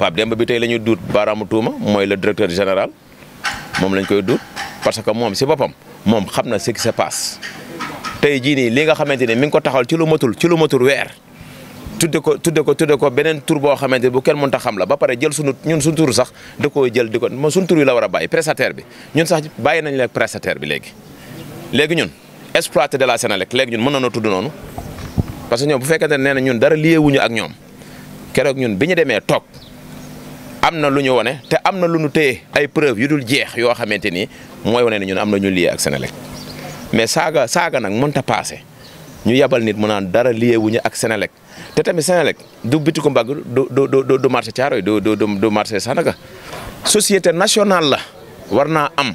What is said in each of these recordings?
Pape Demba bi tey la ñuy duut baaraamu tuuma mooy le directeur général moom lañ koy duut parce que moom si boppam moom xam na ce qui se passe tey jii nii li nga xamante ne mi ngi ko taxal ci lu matul ci lu matul weer. tudde ko tudde ko tudde ko beneen tur boo xamante bu kenn mun mënta xam la ba pare jël sunu ñun suñu tur sax da koo jël di ko ma suñu tur yi la war a bàyyi prestataire bi ñun sax bàyyi nañ la prestataire bi léegi. léegi ñun exploité de la Sénélec léegi ñun mën nañoo tudd noonu parce que ñoom bu fekkente ne nee na ñun dara lié wuñu ak ñoom keroog ñun bi ñu demee toog. am na lu ñu wane te am na lu ñu téye ay preuve yu dul jeex yoo xamante ni mooy wane ne ñun am na ñu lié ak Senelec mais saaga saaga nag mënta passé ñu yabal nit mu naan dara lié wu ñu ak Senelec te tamit Senelec du bitiku mbagg du du du du marché Thiaroye du du du marché Sandaga société nationale la war naa am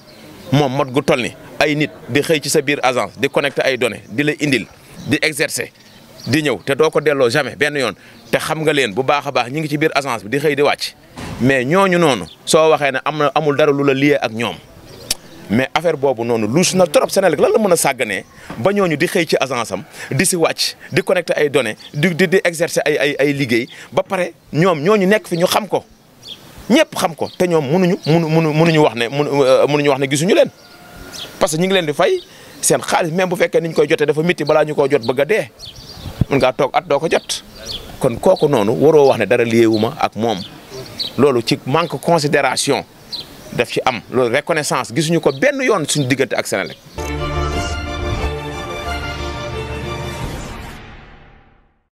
moom mot gu tol ni ay nit di xëy ci sa biir agence di connecté ay données di la indil di exercer di ñëw te doo ko delloo jamais benn yoon te xam nga leen bu baax a baax ñi ngi ci biir agence bi di xëy di wàcc. mais ñooñu noonu soo waxee ne am na amul dara lu la lié ak ñoom mais affaire boobu noonu luus na trop Senelec lan la mën a sàgganee ba ñooñu di xëy ci agence am di si wàcc di connecté ay données di di di exercer ay ay ay liggéey ba pare ñoom ñooñu nekk fi ñu xam ko ñëpp xam ko te ñoom mënuñu mënu mënuñu wax ne euh, mënuñu wax ne gisuñu leen parce que ñu ngi leen di fay seen xaalis même bu fekkee ni ñu koy jotee dafa métti balaa ñu koo jot bëgg a dee mën ngaa toog a doo ko jot kon kooku noonu waroo wax ne dara liyeewu ma ak moom. loolu ci manque considération daf ci am loolu reconnaissance gisuñu ko benn yoon suñu diggante ak Senelec